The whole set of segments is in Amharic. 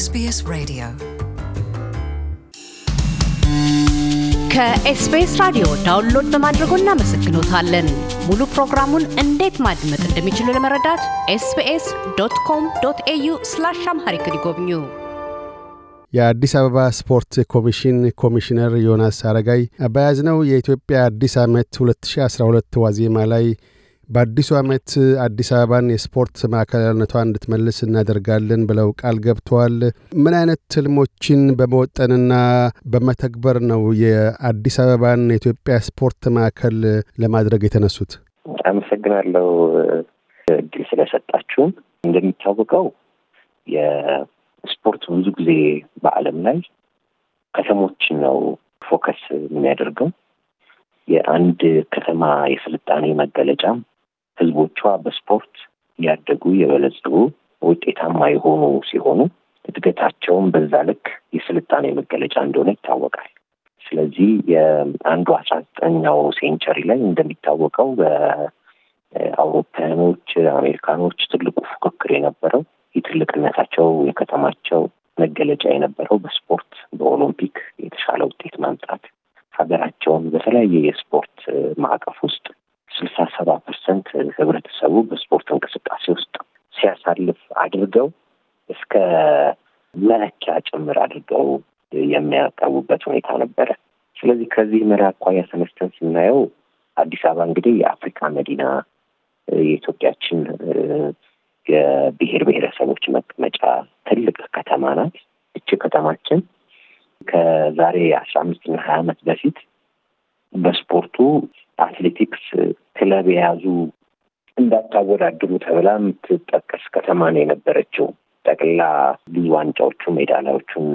ኤስቢኤስ Radio. ከኤስቢኤስ ራዲዮ ዳውንሎድ በማድረጎ እናመሰግኖታለን። ሙሉ ፕሮግራሙን እንዴት ማድመጥ እንደሚችሉ ለመረዳት ኤስቢኤስ ዶት ኮም ዶት ኤዩ ስላሽ አምሃሪክ ይጎብኙ። የአዲስ አበባ ስፖርት ኮሚሽን ኮሚሽነር ዮናስ አረጋይ በያዝነው የኢትዮጵያ አዲስ ዓመት 2012 ዋዜማ ላይ በአዲሱ ዓመት አዲስ አበባን የስፖርት ማዕከላዊነቷ እንድትመልስ እናደርጋለን ብለው ቃል ገብተዋል። ምን አይነት ትልሞችን በመወጠንና በመተግበር ነው የአዲስ አበባን የኢትዮጵያ ስፖርት ማዕከል ለማድረግ የተነሱት? አመሰግናለሁ እድል ስለሰጣችሁም። እንደሚታወቀው የስፖርት ብዙ ጊዜ በዓለም ላይ ከተሞችን ነው ፎከስ የሚያደርገው የአንድ ከተማ የስልጣኔ መገለጫም ህዝቦቿ በስፖርት ያደጉ የበለጸጉ ውጤታማ የሆኑ ሲሆኑ እድገታቸውን በዛ ልክ የስልጣኔ መገለጫ እንደሆነ ይታወቃል። ስለዚህ የአንዱ አስራ ዘጠኛው ሴንቸሪ ላይ እንደሚታወቀው በአውሮፓያኖች አሜሪካኖች ትልቁ ፉክክር የነበረው የትልቅነታቸው የከተማቸው መገለጫ የነበረው በስፖርት በኦሎምፒክ የተሻለ ውጤት ማምጣት ሀገራቸውን በተለያየ የስፖርት ማዕቀፍ ውስጥ ስልሳ ሰባ ፐርሰንት ህብረተሰቡ በስፖርት እንቅስቃሴ ውስጥ ሲያሳልፍ አድርገው እስከ መለኪያ ጭምር አድርገው የሚያቀርቡበት ሁኔታ ነበረ። ስለዚህ ከዚህ መሪ አኳያ ተነስተን ስናየው አዲስ አበባ እንግዲህ የአፍሪካ መዲና የኢትዮጵያችን የብሔር ብሔረሰቦች መቀመጫ ትልቅ ከተማ ናት። እቺ ከተማችን ከዛሬ አስራ አምስትና ሀያ ዓመት በፊት በስፖርቱ አትሌቲክስ ክለብ የያዙ እንዳታወዳድሩ ተብላ የምትጠቀስ ከተማ ነው የነበረችው። ጠቅላ ብዙ ዋንጫዎቹ ሜዳሊያዎቹን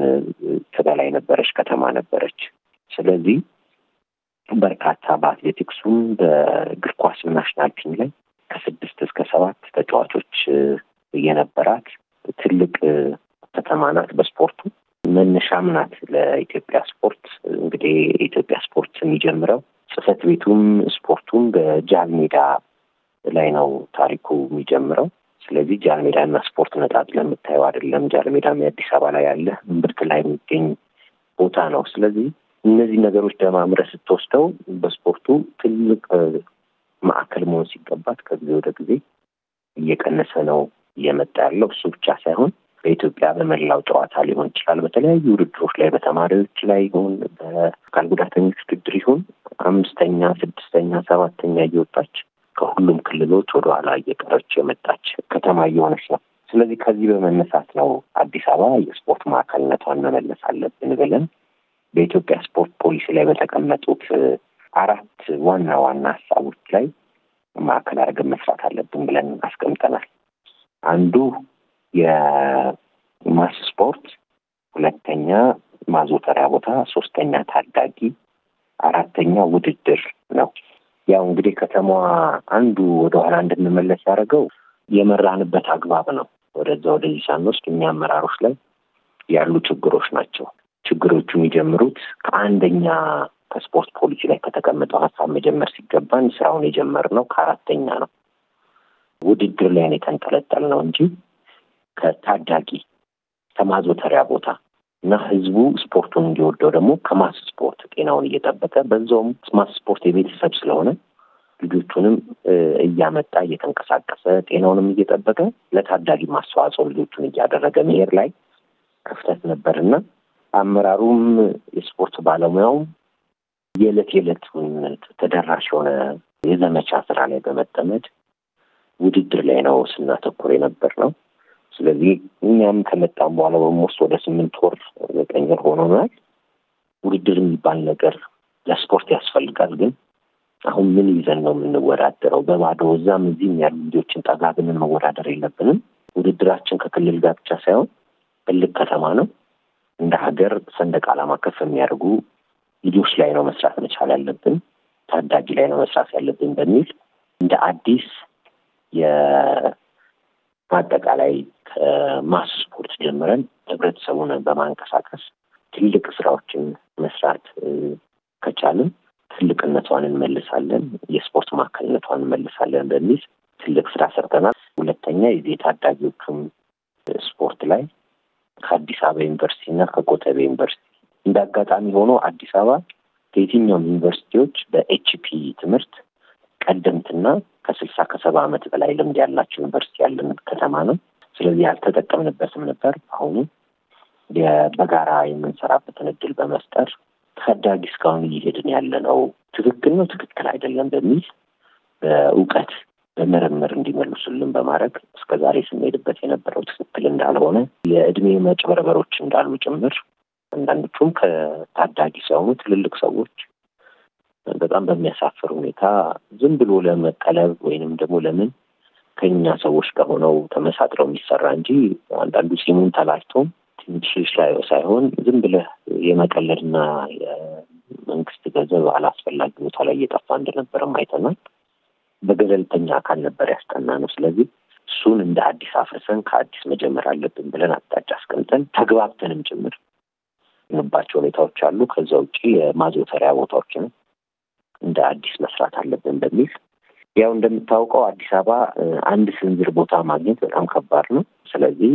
ትበላ የነበረች ከተማ ነበረች። ስለዚህ በርካታ በአትሌቲክሱም በእግር ኳስም ናሽናል ቲም ላይ ከስድስት እስከ ሰባት ተጫዋቾች የነበራት ትልቅ ከተማ ናት። በስፖርቱ መነሻም ናት ለኢትዮጵያ ስፖርት። እንግዲህ የኢትዮጵያ ስፖርት የሚጀምረው ጽፈት ቤቱም ስፖርቱም በ ጃልሜዳ ላይ ነው ታሪኩ የሚጀምረው። ስለዚህ ጃልሜዳና ስፖርት ነጣጥለን የምታየው አይደለም። ጃልሜዳም የአዲስ አበባ ላይ ያለ እምብርት ላይ የሚገኝ ቦታ ነው። ስለዚህ እነዚህ ነገሮች ደማምረህ ስትወስደው በስፖርቱ ትልቅ ማዕከል መሆን ሲገባት ከጊዜ ወደ ጊዜ እየቀነሰ ነው እየመጣ ያለው። እሱ ብቻ ሳይሆን በኢትዮጵያ በመላው ጨዋታ ሊሆን ይችላል። በተለያዩ ውድድሮች ላይ በተማሪዎች ላይ ይሁን በአካል ጉዳተኞች ውድድር ይሁን አምስተኛ፣ ስድስተኛ፣ ሰባተኛ እየወጣች ከሁሉም ክልሎች ወደኋላ እየቀረች የመጣች ከተማ እየሆነች ነው። ስለዚህ ከዚህ በመነሳት ነው አዲስ አበባ የስፖርት ማዕከልነቷን መመለስ አለብን ብለን በኢትዮጵያ ስፖርት ፖሊሲ ላይ በተቀመጡት አራት ዋና ዋና ሀሳቦች ላይ ማዕከል አድርገን መስራት አለብን ብለን አስቀምጠናል። አንዱ የማስ ስፖርት፣ ሁለተኛ ማዞተሪያ ቦታ፣ ሶስተኛ ታዳጊ፣ አራተኛ ውድድር ነው። ያው እንግዲህ ከተማዋ አንዱ ወደኋላ እንድንመለስ ያደረገው የመራንበት አግባብ ነው። ወደዛ ወደዚህ ሳንወስድ እኛ አመራሮች ላይ ያሉ ችግሮች ናቸው። ችግሮቹ የሚጀምሩት ከአንደኛ ከስፖርት ፖሊሲ ላይ ከተቀመጠው ሀሳብ መጀመር ሲገባን ስራውን የጀመርነው ከአራተኛ ነው። ውድድር ላይ ነው የተንጠለጠልነው እንጂ ከታዳጊ ከማዘውተሪያ ቦታ እና ህዝቡ ስፖርቱን እንዲወደው ደግሞ ከማስ ስፖርት ጤናውን እየጠበቀ በዛውም ማስ ስፖርት የቤተሰብ ስለሆነ ልጆቹንም እያመጣ እየተንቀሳቀሰ ጤናውንም እየጠበቀ ለታዳጊ ማስተዋጽኦ ልጆቹን እያደረገ መሄድ ላይ ክፍተት ነበር እና አመራሩም የስፖርት ባለሙያውም የዕለት የዕለት ተደራሽ የሆነ የዘመቻ ስራ ላይ በመጠመድ ውድድር ላይ ነው ስናተኩር የነበር ነው። ስለዚህ እኛም ከመጣም በኋላ በሞስ ወደ ስምንት ወር ዘጠኝ ወር ሆኖናል። ውድድር የሚባል ነገር ለስፖርት ያስፈልጋል። ግን አሁን ምን ይዘን ነው የምንወዳደረው? በባዶ እዛም እዚህም ያሉ ልጆችን ጠጋ ብለን መወዳደር የለብንም። ውድድራችን ከክልል ጋር ብቻ ሳይሆን ትልቅ ከተማ ነው። እንደ ሀገር ሰንደቅ ዓላማ ከፍ የሚያደርጉ ልጆች ላይ ነው መስራት መቻል ያለብን፣ ታዳጊ ላይ ነው መስራት ያለብን በሚል እንደ አዲስ በአጠቃላይ ከማስ ስፖርት ጀምረን ህብረተሰቡን በማንቀሳቀስ ትልቅ ስራዎችን መስራት ከቻልን ትልቅነቷን እንመልሳለን፣ የስፖርት ማዕከልነቷን እንመልሳለን በሚል ትልቅ ስራ ሰርተናል። ሁለተኛ የዜ ታዳጊዎቹም ስፖርት ላይ ከአዲስ አበባ ዩኒቨርሲቲ እና ከኮተቤ ዩኒቨርሲቲ እንደ አጋጣሚ ሆኖ አዲስ አበባ ከየትኛውም ዩኒቨርሲቲዎች በኤችፒ ትምህርት ቀደምትና ከስልሳ ከሰባ ዓመት በላይ ልምድ ያላቸው ዩኒቨርሲቲ ያለን ከተማ ነው። ስለዚህ ያልተጠቀምንበትም ነበር። አሁኑ በጋራ የምንሰራበትን እድል በመፍጠር ታዳጊ እስካሁን እየሄድን ያለ ነው። ትክክል ነው፣ ትክክል አይደለም በሚል በእውቀት በምርምር እንዲመልሱልን በማድረግ እስከዛሬ ስንሄድበት የነበረው ትክክል እንዳልሆነ የእድሜ መጭበርበሮች እንዳሉ ጭምር አንዳንዶቹም ከታዳጊ ሳይሆኑ ትልልቅ ሰዎች በጣም በሚያሳፍር ሁኔታ ዝም ብሎ ለመቀለብ ወይንም ደግሞ ለምን ከኛ ሰዎች ከሆነው ተመሳጥረው የሚሰራ እንጂ አንዳንዱ ጺሙን ተላጭቶም ትንሽ ሳይሆን ዝም ብለህ የመቀለድና የመንግስት ገንዘብ አላስፈላጊ ቦታ ላይ እየጠፋ እንደነበረም አይተናል። በገለልተኛ አካል ነበር ያስጠና ነው። ስለዚህ እሱን እንደ አዲስ አፍርሰን ከአዲስ መጀመር አለብን ብለን አቅጣጫ አስቀምጠን ተግባብተንም ጭምር ንባቸው ሁኔታዎች አሉ። ከዛ ውጭ የማዘውተሪያ ቦታዎች ነው እንደ አዲስ መስራት አለብን በሚል ያው እንደምታውቀው አዲስ አበባ አንድ ስንዝር ቦታ ማግኘት በጣም ከባድ ነው። ስለዚህ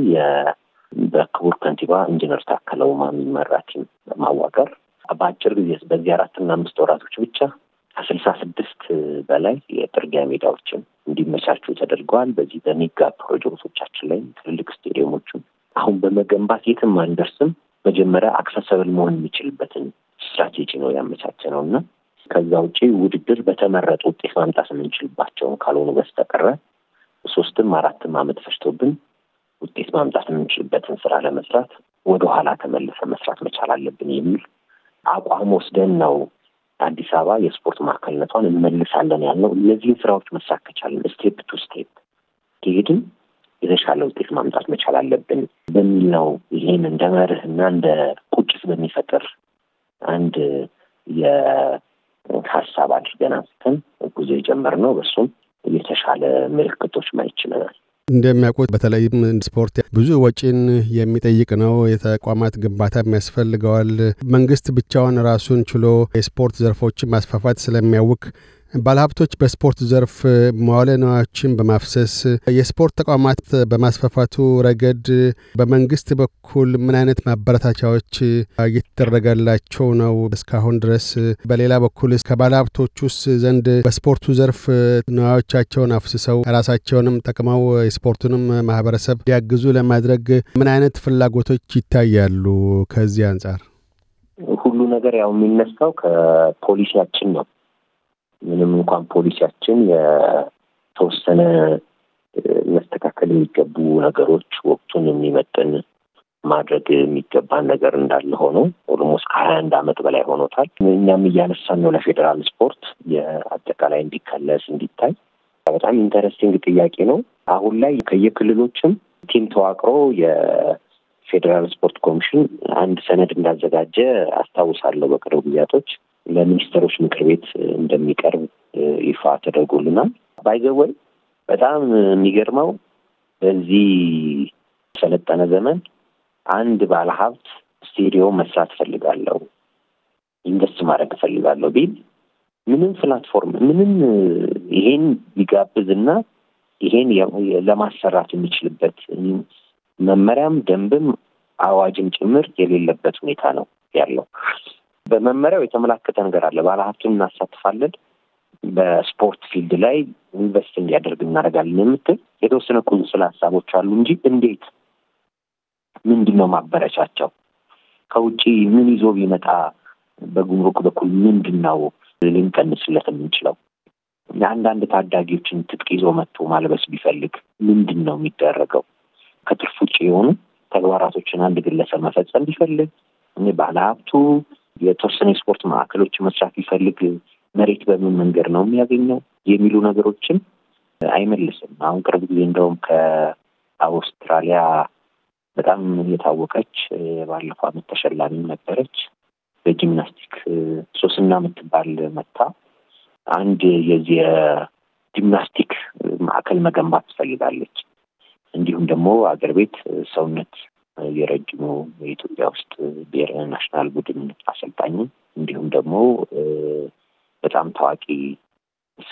በክቡር ከንቲባ ኢንጂነር ታከለ ኡማ የሚመራ ቲም በማዋቀር በአጭር ጊዜ በዚህ አራትና አምስት ወራቶች ብቻ ከስልሳ ስድስት በላይ የጥርጊያ ሜዳዎችን እንዲመቻቹ ተደርገዋል። በዚህ በሚጋ ፕሮጀክቶቻችን ላይ ትልልቅ ስቴዲየሞቹን አሁን በመገንባት የትም አንደርስም። መጀመሪያ አክሰሰብል መሆን የሚችልበትን ስትራቴጂ ነው ያመቻቸ ነው እና ከዛ ውጪ ውድድር በተመረጡ ውጤት ማምጣት የምንችልባቸውን ካልሆኑ በስተቀረ ሶስትም አራትም ዓመት ፈጅቶብን ውጤት ማምጣት የምንችልበትን ስራ ለመስራት ወደኋላ ተመልሰ መስራት መቻል አለብን የሚል አቋም ወስደን ነው አዲስ አበባ የስፖርት ማዕከልነቷን እንመልሳለን ያልነው። እነዚህን ስራዎች መስራት ከቻለን ስቴፕ ቱ ስቴፕ ከሄድን የተሻለ ውጤት ማምጣት መቻል አለብን በሚል ነው። ይህን እንደ መርህ እና እንደ ቁጭት በሚፈጥር አንድ የ ሀሳብ አድርገን አንስተን ጉዞ የጀመርነው በእሱም የተሻለ ምልክቶች ማየት ችለናል። እንደሚያውቁት በተለይም ስፖርት ብዙ ወጪን የሚጠይቅ ነው። የተቋማት ግንባታ ያስፈልገዋል። መንግስት ብቻውን ራሱን ችሎ የስፖርት ዘርፎችን ማስፋፋት ስለሚያውቅ ባለሀብቶች በስፖርት ዘርፍ መዋለ ነዋዮችን በማፍሰስ የስፖርት ተቋማት በማስፋፋቱ ረገድ በመንግስት በኩል ምን አይነት ማበረታቻዎች እየተደረገላቸው ነው እስካሁን ድረስ? በሌላ በኩል ከባለሀብቶቹስ ዘንድ በስፖርቱ ዘርፍ ነዋዮቻቸውን አፍስሰው ራሳቸውንም ጠቅመው የስፖርቱንም ማህበረሰብ ሊያግዙ ለማድረግ ምን አይነት ፍላጎቶች ይታያሉ? ከዚህ አንጻር ሁሉ ነገር ያው የሚነሳው ከፖሊሲያችን ነው። ምንም እንኳን ፖሊሲያችን የተወሰነ መስተካከል የሚገቡ ነገሮች ወቅቱን የሚመጥን ማድረግ የሚገባን ነገር እንዳለ ሆኖ ኦልሞስት ከሀያ አንድ አመት በላይ ሆኖታል። እኛም እያነሳን ነው ለፌዴራል ስፖርት የአጠቃላይ እንዲከለስ እንዲታይ። በጣም ኢንተረስቲንግ ጥያቄ ነው። አሁን ላይ ከየክልሎችም ቲም ተዋቅሮ የፌዴራል ስፖርት ኮሚሽን አንድ ሰነድ እንዳዘጋጀ አስታውሳለሁ በቅርብ ጊዜያቶች ለሚኒስትሮች ምክር ቤት እንደሚቀርብ ይፋ ተደርጎልናል። ባይዘወይ በጣም የሚገርመው በዚህ ሰለጠነ ዘመን አንድ ባለሀብት ስቴዲዮ መስራት እፈልጋለሁ፣ ኢንቨስት ማድረግ እፈልጋለሁ ቢል ምንም ፕላትፎርም ምንም ይሄን ቢጋብዝና ይሄን ለማሰራት የሚችልበት መመሪያም ደንብም አዋጅም ጭምር የሌለበት ሁኔታ ነው ያለው። በመመሪያው የተመላከተ ነገር አለ። ባለሀብቱን እናሳትፋለን፣ በስፖርት ፊልድ ላይ ኢንቨስት እንዲያደርግ እናደርጋለን የምትል የተወሰነ ቁንስል ሀሳቦች አሉ እንጂ እንዴት ምንድን ነው ማበረቻቸው? ከውጭ ምን ይዞ ቢመጣ በጉምሩክ በኩል ምንድን ነው ልንቀንስለት የምንችለው? አንዳንድ ታዳጊዎችን ትጥቅ ይዞ መጥቶ ማልበስ ቢፈልግ ምንድን ነው የሚደረገው? ከትርፍ ውጭ የሆኑ ተግባራቶችን አንድ ግለሰብ መፈጸም ቢፈልግ ባለሀብቱ የተወሰነ የስፖርት ማዕከሎች መስራት ቢፈልግ መሬት በምን መንገድ ነው የሚያገኘው የሚሉ ነገሮችን አይመልስም። አሁን ቅርብ ጊዜ እንደውም ከአውስትራሊያ በጣም የታወቀች ባለፈው ዓመት ተሸላሚም ነበረች በጂምናስቲክ ሶስና የምትባል መታ አንድ የዚህ የጂምናስቲክ ማዕከል መገንባት ትፈልጋለች። እንዲሁም ደግሞ አገር ቤት ሰውነት የረጅሙ የኢትዮጵያ ውስጥ ብሔራዊ ናሽናል ቡድን አሰልጣኝ እንዲሁም ደግሞ በጣም ታዋቂ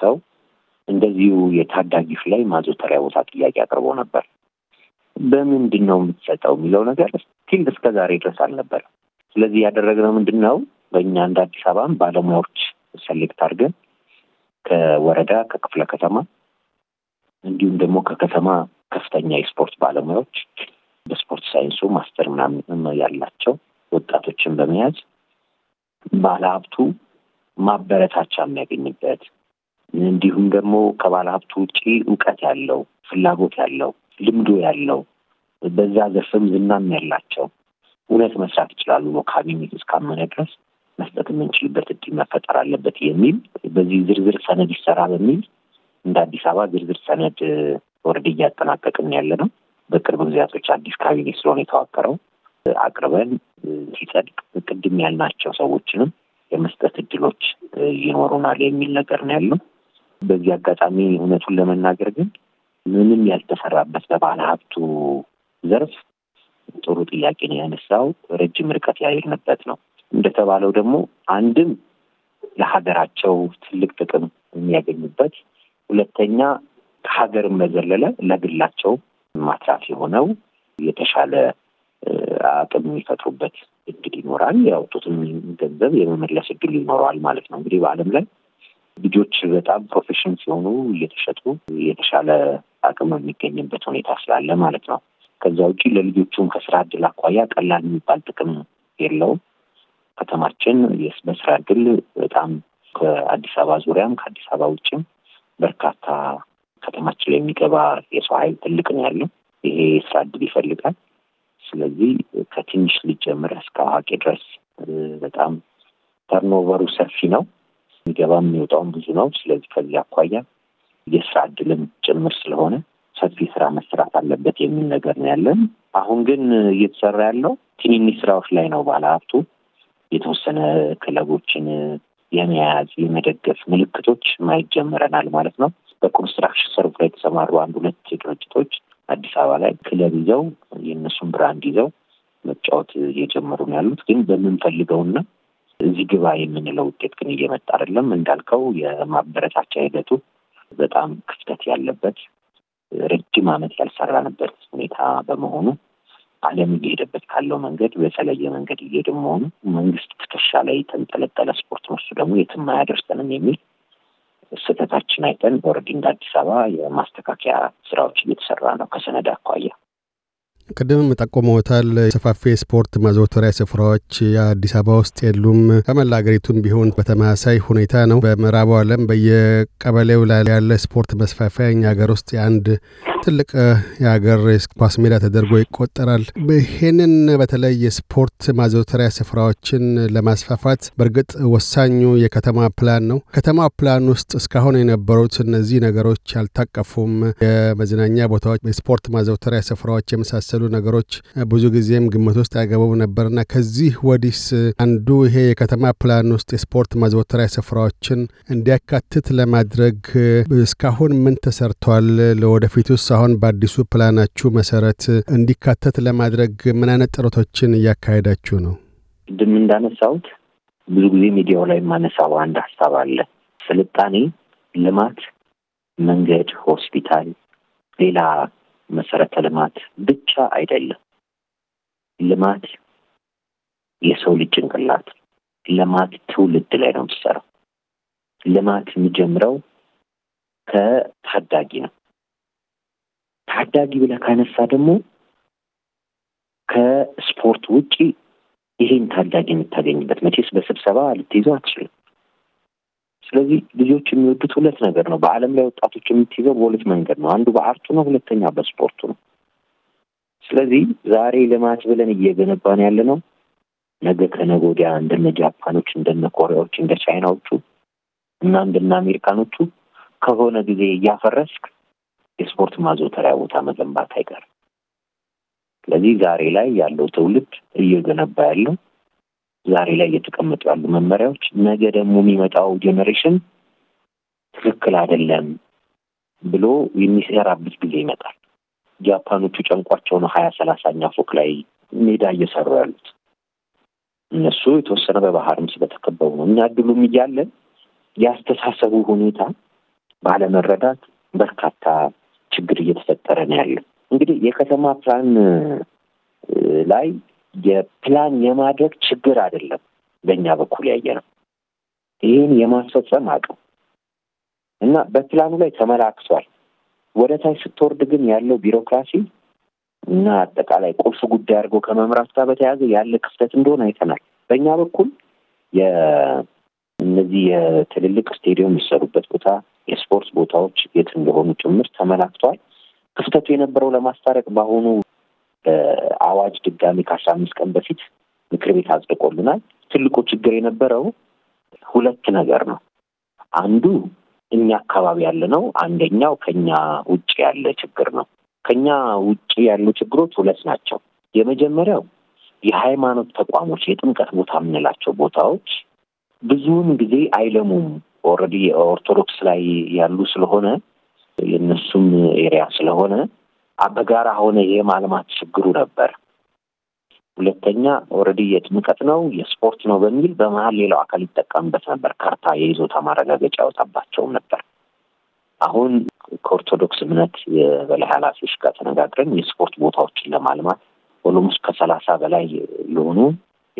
ሰው እንደዚሁ የታዳጊዎች ላይ ማዘውተሪያ ቦታ ጥያቄ አቅርቦ ነበር። በምንድን ነው የምትሰጠው የሚለው ነገር ስቲል እስከ ዛሬ ድረስ አልነበረም። ስለዚህ ያደረግነው ምንድን ነው በእኛ እንደ አዲስ አበባም ባለሙያዎች ሰሌክት አድርገን ከወረዳ ከክፍለ ከተማ እንዲሁም ደግሞ ከከተማ ከፍተኛ የስፖርት ባለሙያዎች በስፖርት ሳይንሱ ማስተር ምናምን ያላቸው ወጣቶችን በመያዝ ባለሀብቱ ማበረታቻ የሚያገኝበት እንዲሁም ደግሞ ከባለሀብቱ ውጪ እውቀት ያለው ፍላጎት ያለው ልምዶ ያለው በዛ ዘርፍም ዝናም ያላቸው እውነት መስራት ይችላሉ ነው ካቢኔት እስካመነ ድረስ መስጠት የምንችልበት እድል መፈጠር አለበት የሚል በዚህ ዝርዝር ሰነድ ይሰራ በሚል እንደ አዲስ አበባ ዝርዝር ሰነድ ወርድ እያጠናቀቅን ያለ ነው። በቅርብ ጊዜያቶች አዲስ ካቢኔ ስለሆነ የተዋቀረው አቅርበን ሲጸድቅ ቅድም ያልናቸው ሰዎችንም የመስጠት እድሎች ይኖሩናል የሚል ነገር ነው ያለው። በዚህ አጋጣሚ እውነቱን ለመናገር ግን ምንም ያልተሰራበት በባለ ሀብቱ ዘርፍ ጥሩ ጥያቄ ነው ያነሳው። ረጅም ርቀት ያየንበት ነው። እንደተባለው ደግሞ አንድም ለሀገራቸው ትልቅ ጥቅም የሚያገኙበት፣ ሁለተኛ ከሀገርም በዘለለ ለግላቸው ማትራፊ የሆነው የተሻለ አቅም የሚፈጥሩበት እድል ይኖራል። ያወጡትን ገንዘብ የመመለስ እድል ይኖረዋል ማለት ነው። እንግዲህ በዓለም ላይ ልጆች በጣም ፕሮፌሽን ሲሆኑ እየተሸጡ የተሻለ አቅም የሚገኝበት ሁኔታ ስላለ ማለት ነው። ከዛ ውጪ ለልጆቹም ከስራ እድል አኳያ ቀላል የሚባል ጥቅም የለውም። ከተማችን በስራ እድል በጣም ከአዲስ አበባ ዙሪያም ከአዲስ አበባ ውጭም በርካታ ከተማችን ላይ የሚገባ የሰው ኃይል ትልቅ ነው ያለው። ይሄ የስራ እድል ይፈልጋል። ስለዚህ ከትንሽ ልጅ ጀምር እስከ አዋቂ ድረስ በጣም ተርኖቨሩ ሰፊ ነው። የሚገባ የሚወጣውን ብዙ ነው። ስለዚህ ከዚህ አኳያ የስራ እድልም ጭምር ስለሆነ ሰፊ ስራ መስራት አለበት የሚል ነገር ነው ያለን። አሁን ግን እየተሰራ ያለው ትንንሽ ስራዎች ላይ ነው። ባለሀብቱ የተወሰነ ክለቦችን የመያዝ የመደገፍ ምልክቶች ማየት ጀምረናል ማለት ነው። በኮንስትራክሽን ሰርቭ ላይ የተሰማሩ አንድ ሁለት ድርጅቶች አዲስ አበባ ላይ ክለብ ይዘው የእነሱን ብራንድ ይዘው መጫወት እየጀመሩ ነው ያሉት። ግን በምንፈልገውና እዚህ ግባ የምንለው ውጤት ግን እየመጣ አይደለም። እንዳልከው የማበረታቻ ሂደቱ በጣም ክፍተት ያለበት ረጅም ዓመት ያልሰራንበት ሁኔታ በመሆኑ ዓለም እየሄደበት ካለው መንገድ በተለየ መንገድ እየሄደ መሆኑ መንግስት ትከሻ ላይ የተንጠለጠለ ስፖርት ነው፣ ደግሞ የትም አያደርሰንም የሚል ስህተታችን አይጠን በኦልሬዲ እንደ አዲስ አበባ የማስተካከያ ስራዎች እየተሰራ ነው ከሰነድ አኳያ። ቅድም ጠቁመውታል። ሰፋፊ የስፖርት ማዘውተሪያ ስፍራዎች አዲስ አበባ ውስጥ የሉም። ከመላ ሀገሪቱም ቢሆን በተመሳሳይ ሁኔታ ነው። በምዕራቡ አለም በየቀበሌው ላ ያለ ስፖርት መስፋፊያ እኛ ሀገር ውስጥ የአንድ ትልቅ የሀገር ኳስ ሜዳ ተደርጎ ይቆጠራል። ይህንን በተለይ የስፖርት ማዘውተሪያ ስፍራዎችን ለማስፋፋት በእርግጥ ወሳኙ የከተማ ፕላን ነው። ከተማ ፕላን ውስጥ እስካሁን የነበሩት እነዚህ ነገሮች አልታቀፉም። የመዝናኛ ቦታዎች፣ የስፖርት ማዘውተሪያ ስፍራዎች የመሳሰሉ ነገሮች ብዙ ጊዜም ግምት ውስጥ አይገቡም ነበርና ከዚህ ወዲስ አንዱ ይሄ የከተማ ፕላን ውስጥ የስፖርት ማዘውተሪያ ስፍራዎችን እንዲያካትት ለማድረግ እስካሁን ምን ተሰርቷል? ለወደፊቱስ አሁን በአዲሱ ፕላናችሁ መሰረት እንዲካተት ለማድረግ ምን አይነት ጥረቶችን እያካሄዳችሁ ነው? ቅድም እንዳነሳሁት ብዙ ጊዜ ሚዲያው ላይ የማነሳው አንድ ሀሳብ አለ። ስልጣኔ፣ ልማት፣ መንገድ፣ ሆስፒታል፣ ሌላ መሰረተ ልማት ብቻ አይደለም። ልማት የሰው ልጅ ጭንቅላት፣ ልማት ትውልድ ላይ ነው የምትሰራው። ልማት የሚጀምረው ከታዳጊ ነው። ታዳጊ ብለህ ካነሳ ደግሞ ከስፖርት ውጪ ይሄን ታዳጊ የምታገኝበት መቼስ በስብሰባ ልትይዘው አትችልም። ስለዚህ ልጆች የሚወዱት ሁለት ነገር ነው። በዓለም ላይ ወጣቶች የምትይዘው በሁለት መንገድ ነው። አንዱ በአርቱ ነው፣ ሁለተኛ በስፖርቱ ነው። ስለዚህ ዛሬ ልማት ብለን እየገነባን ያለ ነው። ነገ ከነገ ወዲያ እንደነ ጃፓኖች፣ እንደነ ኮሪያዎች፣ እንደ ቻይናዎቹ እና እንደነ አሜሪካኖቹ ከሆነ ጊዜ እያፈረስክ የስፖርት ማዘውተሪያ ቦታ መገንባት አይቀርም። ስለዚህ ዛሬ ላይ ያለው ትውልድ እየገነባ ያለው ዛሬ ላይ እየተቀመጡ ያሉ መመሪያዎች፣ ነገ ደግሞ የሚመጣው ጀኔሬሽን ትክክል አይደለም ብሎ የሚሰራበት ጊዜ ይመጣል። ጃፓኖቹ ጨንቋቸው ነው ሀያ ሰላሳኛ ፎቅ ላይ ሜዳ እየሰሩ ያሉት። እነሱ የተወሰነ በባህርም ስለተከበቡ ነው። እኛ እድሉም እያለን ያስተሳሰቡ ሁኔታ ባለመረዳት በርካታ ችግር እየተፈጠረ ነው ያለው። እንግዲህ የከተማ ፕላን ላይ የፕላን የማድረግ ችግር አይደለም በእኛ በኩል ያየ ነው። ይህን የማስፈጸም አቅም እና በፕላኑ ላይ ተመላክቷል። ወደ ታች ስትወርድ ግን ያለው ቢሮክራሲ እና አጠቃላይ ቁልፍ ጉዳይ አድርጎ ከመምራት ጋር በተያያዘ ያለ ክፍተት እንደሆነ አይተናል። በእኛ በኩል የእነዚህ የትልልቅ ስቴዲየም የሚሰሩበት ቦታ የስፖርት ቦታዎች የት እንደሆኑ ጭምር ተመላክቷል። ክፍተቱ የነበረው ለማስታረቅ በአሁኑ አዋጅ ድጋሚ ከአስራ አምስት ቀን በፊት ምክር ቤት አጽድቆልናል። ትልቁ ችግር የነበረው ሁለት ነገር ነው። አንዱ እኛ አካባቢ ያለ ነው። አንደኛው ከኛ ውጭ ያለ ችግር ነው። ከኛ ውጭ ያሉ ችግሮች ሁለት ናቸው። የመጀመሪያው የሃይማኖት ተቋሞች የጥምቀት ቦታ የምንላቸው ቦታዎች ብዙውን ጊዜ አይለሙም ኦልሬዲ ኦርቶዶክስ ላይ ያሉ ስለሆነ የእነሱም ኤሪያ ስለሆነ በጋራ ሆነ የማልማት ችግሩ ነበር። ሁለተኛ ኦልሬዲ የጥምቀት ነው የስፖርት ነው በሚል በመሀል ሌላው አካል ይጠቀምበት ነበር። ካርታ የይዞታ ማረጋገጫ ያወጣባቸውም ነበር። አሁን ከኦርቶዶክስ እምነት የበላይ ኃላፊዎች ጋር ተነጋግረን የስፖርት ቦታዎችን ለማልማት ኦሎሞስ ከሰላሳ በላይ የሆኑ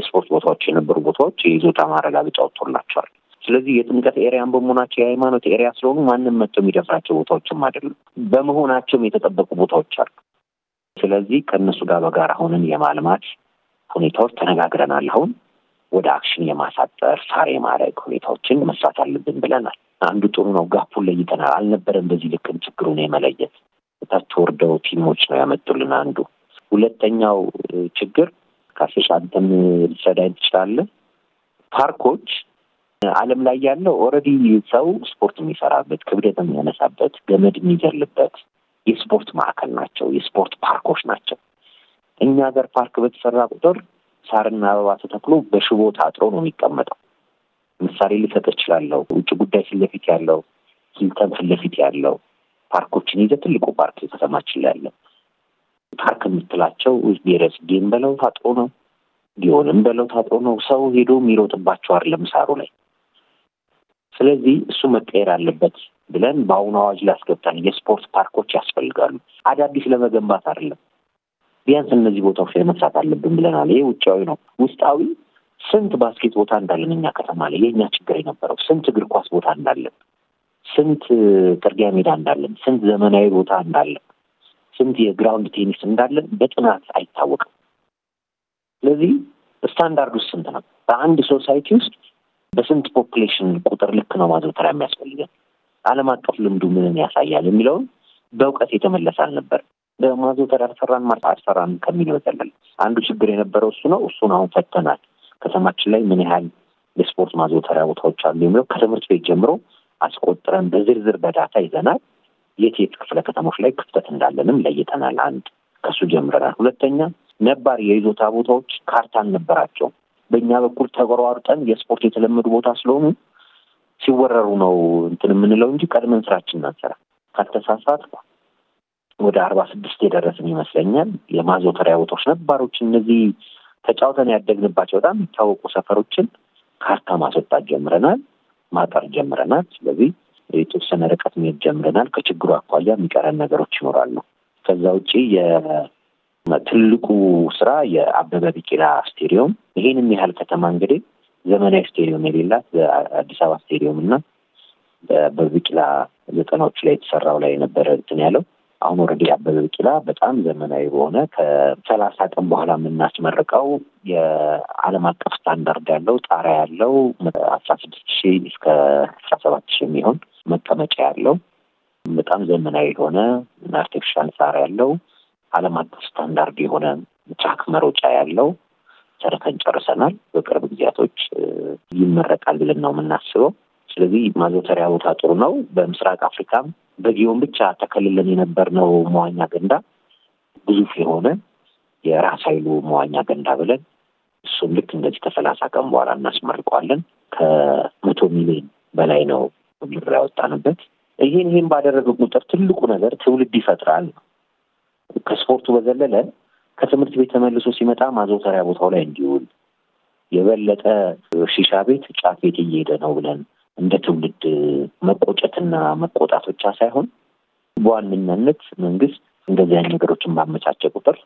የስፖርት ቦታዎች የነበሩ ቦታዎች የይዞታ ማረጋገጫ ወጥቶላቸዋል። ስለዚህ የጥምቀት ኤሪያን በመሆናቸው የሃይማኖት ኤሪያ ስለሆኑ ማንም መጥቶ የሚደፍራቸው ቦታዎችም አይደሉም። በመሆናቸውም የተጠበቁ ቦታዎች አሉ። ስለዚህ ከእነሱ ጋር በጋር ሆነን የማልማት ሁኔታዎች ተነጋግረናል። አሁን ወደ አክሽን የማሳጠር ሳር የማድረግ ሁኔታዎችን መስራት አለብን ብለናል። አንዱ ጥሩ ነው፣ ጋፑን ለይተናል። አልነበረም በዚህ ልክም ችግሩን የመለየት ታች ወርደው ቲሞች ነው ያመጡልን። አንዱ ሁለተኛው ችግር ካሴሽ ልትረዳኝ ትችላለህ ፓርኮች ዓለም ላይ ያለው ኦልሬዲ ሰው ስፖርት የሚሰራበት ክብደት የሚያነሳበት ገመድ የሚዘልበት የስፖርት ማዕከል ናቸው፣ የስፖርት ፓርኮች ናቸው። እኛ ሀገር ፓርክ በተሰራ ቁጥር ሳርና አበባ ተተክሎ በሽቦ ታጥሮ ነው የሚቀመጠው። ምሳሌ ልሰጥ እችላለሁ። ውጭ ጉዳይ ፊት ለፊት ያለው ሂልተን ፊት ለፊት ያለው ፓርኮችን ይዘ ትልቁ ፓርክ ከተማችን ላይ ያለው ፓርክ የምትላቸው ብሔረጽጌን በለው ታጥሮ ነው ሊሆንም በለው ታጥሮ ነው። ሰው ሄዶ የሚሮጥባቸው አይደለም ሳሩ ላይ ስለዚህ እሱ መቀየር አለበት ብለን በአሁኑ አዋጅ ላስገብታል። የስፖርት ፓርኮች ያስፈልጋሉ። አዳዲስ ለመገንባት አይደለም፣ ቢያንስ እነዚህ ቦታዎች ላይ መስራት አለብን ብለናል። ይሄ ውጫዊ ነው። ውስጣዊ ስንት ባስኬት ቦታ እንዳለን እኛ ከተማ ላይ የእኛ ችግር የነበረው ስንት እግር ኳስ ቦታ እንዳለን፣ ስንት ጥርጊያ ሜዳ እንዳለን፣ ስንት ዘመናዊ ቦታ እንዳለን፣ ስንት የግራውንድ ቴኒስ እንዳለን በጥናት አይታወቅም። ስለዚህ ስታንዳርድ ውስጥ ስንት ነው በአንድ ሶሳይቲ ውስጥ በስንት ፖፕሌሽን ቁጥር ልክ ነው ማዘውተር የሚያስፈልገን ዓለም አቀፍ ልምዱ ምንን ያሳያል የሚለውን በእውቀት የተመለሰ አልነበር። በማዘውተር አልሰራን ማለት አልሰራን ከሚል በዘለለ አንዱ ችግር የነበረው እሱ ነው። እሱን አሁን ፈተናል። ከተማችን ላይ ምን ያህል የስፖርት ማዘውተሪያ ቦታዎች አሉ የሚለው ከትምህርት ቤት ጀምሮ አስቆጥረን በዝርዝር በዳታ ይዘናል። የት የት ክፍለ ከተሞች ላይ ክፍተት እንዳለንም ለይተናል። አንድ ከእሱ ጀምረናል። ሁለተኛ ነባር የይዞታ ቦታዎች ካርታ አልነበራቸውም። በእኛ በኩል ተቆራርጠን የስፖርት የተለመዱ ቦታ ስለሆኑ ሲወረሩ ነው እንትን የምንለው እንጂ ቀድመን ስራችን እናንሰራ። ካልተሳሳትኩ ወደ አርባ ስድስት የደረስን ይመስለኛል የማዘውተሪያ ቦታዎች ነባሮች፣ እነዚህ ተጫውተን ያደግንባቸው በጣም የሚታወቁ ሰፈሮችን ካርታ ማስወጣት ጀምረናል፣ ማጠር ጀምረናል። ስለዚህ የተወሰነ ርቀት መሄድ ጀምረናል። ከችግሩ አኳያ የሚቀረን ነገሮች ይኖራሉ። ከዛ ውጪ ትልቁ ስራ የአበበ ቢቂላ ስቴዲየም ይሄንም ያህል ከተማ እንግዲህ ዘመናዊ ስቴዲየም የሌላት በአዲስ አበባ ስቴዲየም እና በአበበ ቢቂላ ዘጠናዎቹ ላይ የተሰራው ላይ የነበረ እንትን ያለው አሁን ወረዲ አበበ ቢቂላ በጣም ዘመናዊ በሆነ ከሰላሳ ቀን በኋላ የምናስመርቀው የዓለም አቀፍ ስታንዳርድ ያለው ጣሪያ ያለው አስራ ስድስት ሺ እስከ አስራ ሰባት ሺ የሚሆን መቀመጫ ያለው በጣም ዘመናዊ የሆነ አርቲፊሻል ጣሪያ ያለው ዓለም አቀፍ ስታንዳርድ የሆነ ጫክ መሮጫ ያለው ጨርሰን ጨርሰናል። በቅርብ ጊዜያቶች ይመረቃል ብለን ነው የምናስበው። ስለዚህ ማዘውተሪያ ቦታ ጥሩ ነው። በምስራቅ አፍሪካም በጊዮን ብቻ ተከልለን የነበርነው መዋኛ ገንዳ ግዙፍ የሆነ የራስ ኃይሉ መዋኛ ገንዳ ብለን እሱም ልክ እንደዚህ ከሰላሳ ቀን በኋላ እናስመርቀዋለን። ከመቶ ሚሊዮን በላይ ነው ብር ያወጣንበት። ይህን ይህን ባደረገ ቁጥር ትልቁ ነገር ትውልድ ይፈጥራል ነው ከስፖርቱ በዘለለ ከትምህርት ቤት ተመልሶ ሲመጣ ማዘውተሪያ ቦታው ላይ እንዲውል የበለጠ ሺሻ ቤት፣ ጫት ቤት እየሄደ ነው ብለን እንደ ትውልድ መቆጨትና መቆጣት ብቻ ሳይሆን በዋነኛነት መንግስት እንደዚህ አይነት ነገሮችን ባመቻቸ ቁጥር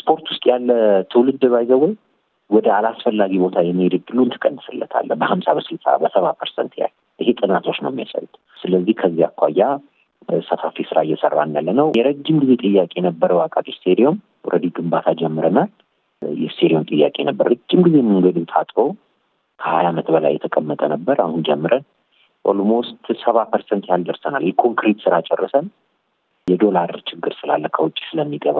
ስፖርት ውስጥ ያለ ትውልድ ባይዘወይ ወደ አላስፈላጊ ቦታ የሚሄድ እድሉን ትቀንስለታለ በሀምሳ በስልሳ በሰባ ፐርሰንት ያህል። ይሄ ጥናቶች ነው የሚያሳዩት። ስለዚህ ከዚህ አኳያ ሰፋፊ ስራ እየሰራን ያለ ነው። የረጅም ጊዜ ጥያቄ የነበረው አቃቂ ስቴዲየም ኦልሬዲ ግንባታ ጀምረናል። የስቴዲየም ጥያቄ ነበር። ረጅም ጊዜ መንገዱ ታጥሮ ከሀያ ዓመት በላይ የተቀመጠ ነበር። አሁን ጀምረን ኦልሞስት ሰባ ፐርሰንት ያህል ደርሰናል። የኮንክሪት ስራ ጨርሰን የዶላር ችግር ስላለ ከውጭ ስለሚገባ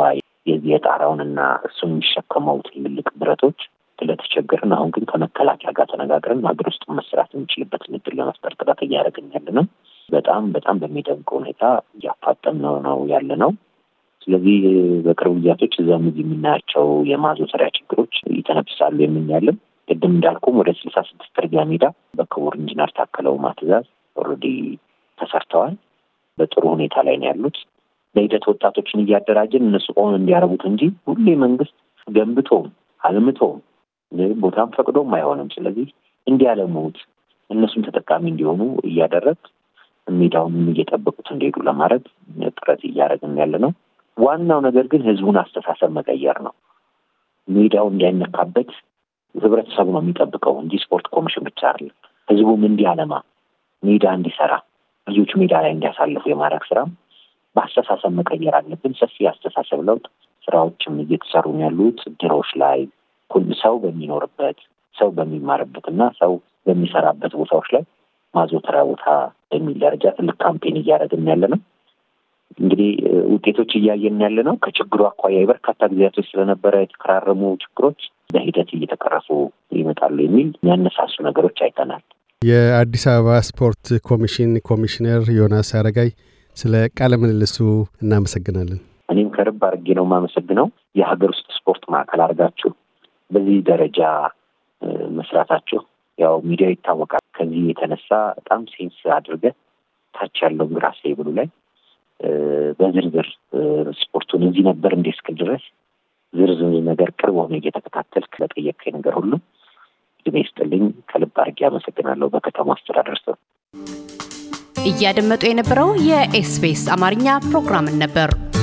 የዚህ የጣራውንና እሱን የሚሸከመው ትልልቅ ብረቶች ስለተቸገርን አሁን ግን ከመከላከያ ጋር ተነጋግረን ሀገር ውስጥ መስራት የሚችልበት እድል ለመፍጠር ጥረት እያደረግን ያለ ነው። በጣም በጣም በሚደንቅ ሁኔታ እያፋጠን ነው ያለ ነው። ስለዚህ በቅርብ ጊዜያቶች እዛ እዚህ የምናያቸው የማዘውተሪያ ችግሮች ይተነፍሳሉ የምንያለን። ቅድም እንዳልኩም ወደ ስልሳ ስድስት ትርጊያ ሜዳ በክቡር ኢንጂነር ታከለው ኡማ ኦልሬዲ ተሰርተዋል። በጥሩ ሁኔታ ላይ ነው ያሉት። በሂደት ወጣቶችን እያደራጀን እነሱ ቆም እንዲያረቡት እንጂ ሁሌ መንግስት ገንብቶም አልምቶም ቦታም ፈቅዶም አይሆንም። ስለዚህ እንዲያለሙት እነሱም ተጠቃሚ እንዲሆኑ እያደረግ ሜዳውን እየጠበቁት እንዲሄዱ ለማድረግ ጥረት እያደረግን ያለ ነው። ዋናው ነገር ግን ህዝቡን አስተሳሰብ መቀየር ነው። ሜዳው እንዳይነካበት ህብረተሰቡ ነው የሚጠብቀው እንጂ ስፖርት ኮሚሽን ብቻ አለ። ህዝቡም እንዲያለማ ሜዳ እንዲሰራ ልጆቹ ሜዳ ላይ እንዲያሳልፉ የማድረግ ስራም በአስተሳሰብ መቀየር አለብን። ሰፊ አስተሳሰብ ለውጥ ስራዎችም እየተሰሩ ያሉት ድሮች ላይ ሁሉ ሰው በሚኖርበት ሰው በሚማርበት እና ሰው በሚሰራበት ቦታዎች ላይ ማዘውተሪያ ቦታ በሚል ደረጃ ትልቅ ካምፔን እያደረግን ያለ ነው። እንግዲህ ውጤቶች እያየን ያለ ነው። ከችግሩ አኳያ በርካታ ጊዜያቶች ስለነበረ የተከራረሙ ችግሮች በሂደት እየተቀረፉ ይመጣሉ የሚል የሚያነሳሱ ነገሮች አይተናል። የአዲስ አበባ ስፖርት ኮሚሽን ኮሚሽነር ዮናስ አረጋይ ስለ ቃለ ምልልሱ እናመሰግናለን። እኔም ከርብ አድርጌ ነው የማመሰግነው። የሀገር ውስጥ ስፖርት ማዕከል አድርጋችሁ በዚህ ደረጃ መስራታችሁ ያው ሚዲያ ይታወቃል። ከዚህ የተነሳ በጣም ሴንስ አድርገ ታች ያለውን ግራ ሴብሉ ላይ በዝርዝር ስፖርቱን እዚህ ነበር እንዴ እስክል ድረስ ዝርዝር ነገር ቅርብ ሆነ እየተከታተል ለጠየቀኝ ነገር ሁሉ እድሜ ይስጥልኝ። ከልብ አድርጌ አመሰግናለሁ። በከተማ አስተዳደር ስም እያደመጡ የነበረው የኤስቢኤስ አማርኛ ፕሮግራምን ነበር።